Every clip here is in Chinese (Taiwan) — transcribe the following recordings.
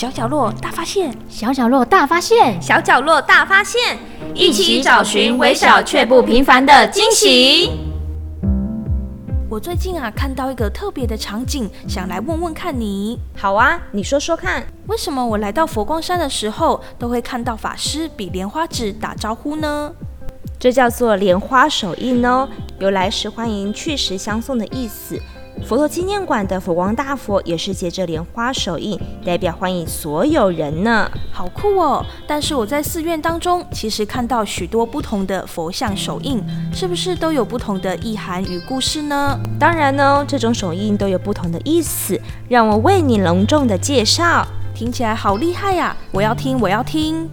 小角落大發現，小角落大發現，小角落大發現，一起找尋微小卻不平凡的驚喜。我最近啊，看到一個特別的場景，想來問問看你。好啊，你說說看，為什麼我來到佛光山的時候，都會看到法師比蓮花指打招呼呢？這叫做蓮花手印哦，有來時歡迎，去時相送的意思。佛陀紀念館的佛光大佛也是結着蓮花手印，代表歡迎所有人呢，好酷哦！但是我在寺院當中，其實看到許多不同的佛像手印，是不是都有不同的意涵與故事呢？當然呢、哦，這種手印都有不同的意思，讓我為你隆重的介紹。聽起來好厲害呀、啊！我要聽，我要聽，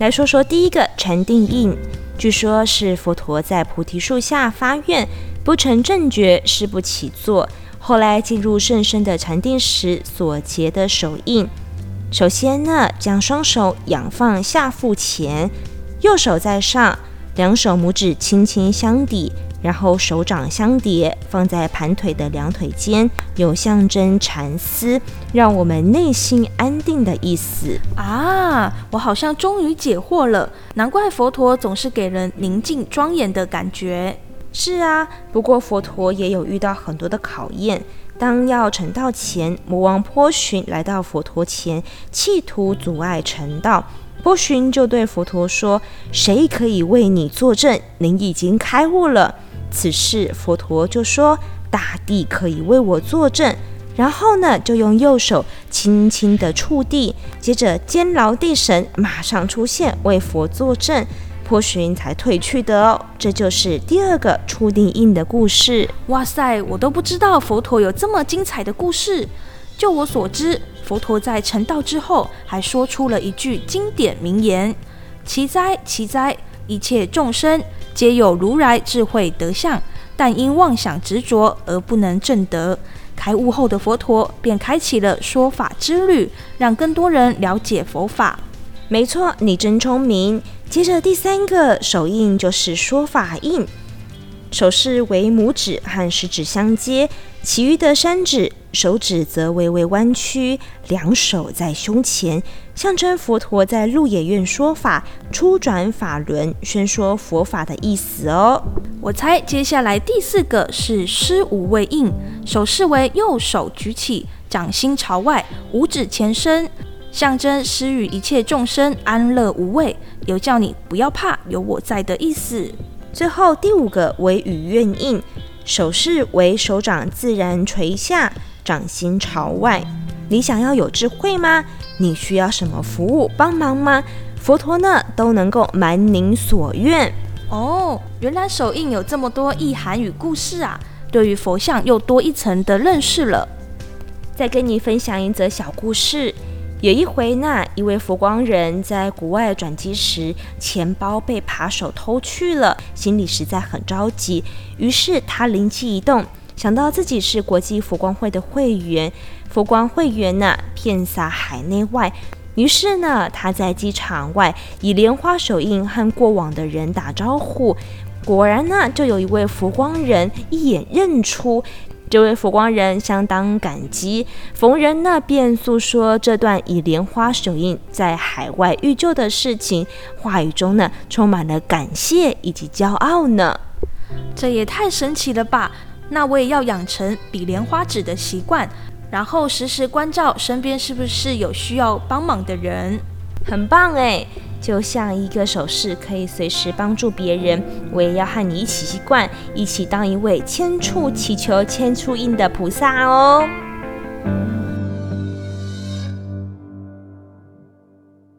來說說第一個禪定印，據說是佛陀在菩提樹下發願不成正覺，誓不起座。後來進入甚深的禪定時所結的手印。首先呢，將雙手仰放下腹前，右手在上，兩手拇指輕輕相抵，然後手掌相疊，放在盤腿的兩腿間，有象徵禪思，讓我們內心安定的意思。啊，我好像終於解惑了，難怪佛陀總是給人寧靜莊嚴的感覺。是啊，不過佛陀也有遇到很多的考驗。當要成道前，魔王波旬來到佛陀前，企圖阻礙成道。波旬就對佛陀說：“誰可以為你作證，您已經開悟了？”此時佛陀就說：“大地可以為我作證。”然後呢，就用右手輕輕地觸地，接着堅牢地神馬上出現為佛作證。波旬才退去的哦，這就是第二個初定印的故事。哇塞，我都不知道佛陀有這麼精彩的故事。就我所知，佛陀在成道之後還說出了一句經典名言：“奇哉，奇哉，一切眾生皆有如來智慧德相，但因妄想執着而不能證得。”開悟後的佛陀便開啟了說法之旅，讓更多人了解佛法。沒錯，你真聰明。接着第三個手印就是說法印，手勢為拇指和食指相接，其餘的三指手指則微微彎曲，兩手在胸前，象徵佛陀在鹿野苑說法、初轉法輪、宣說佛法的意思哦。我猜接下來第四個是施無畏印，手勢為右手舉起，掌心朝外，五指前伸。象徵施予一切眾生安樂無畏，有叫你不要怕，有我在的意思。最後第五個為與願印，手勢為手掌自然垂下，掌心朝外。你想要有智慧嗎？你需要什麼服務幫忙嗎？佛陀呢，都能夠滿您所願。哦，原來手印有這麼多意涵與故事啊！對於佛像又多一層的認識了。再跟你分享一則小故事。有一回呢，一位佛光人在國外轉機時，錢包被扒手偷去了，心裡實在很着急。於是他靈機一動，想到自己是國際佛光會的會員，佛光會員呢，遍灑海內外。於是呢，他在機場外以蓮花手印和過往的人打招呼，果然呢，就有一位佛光人一眼認出。這位佛光人相當感激，逢人呢便訴說這段以蓮花手印在海外遇救的事情，話語中呢充滿了感謝以及驕傲呢。這也太神奇了吧！那我也要養成比蓮花指的習慣，然後時時關照身邊是不是有需要幫忙的人，很棒誒。就像一個手勢，可以隨時幫助別人。我也要和你一起習慣，一起當一位千處祈求千處應的菩薩哦。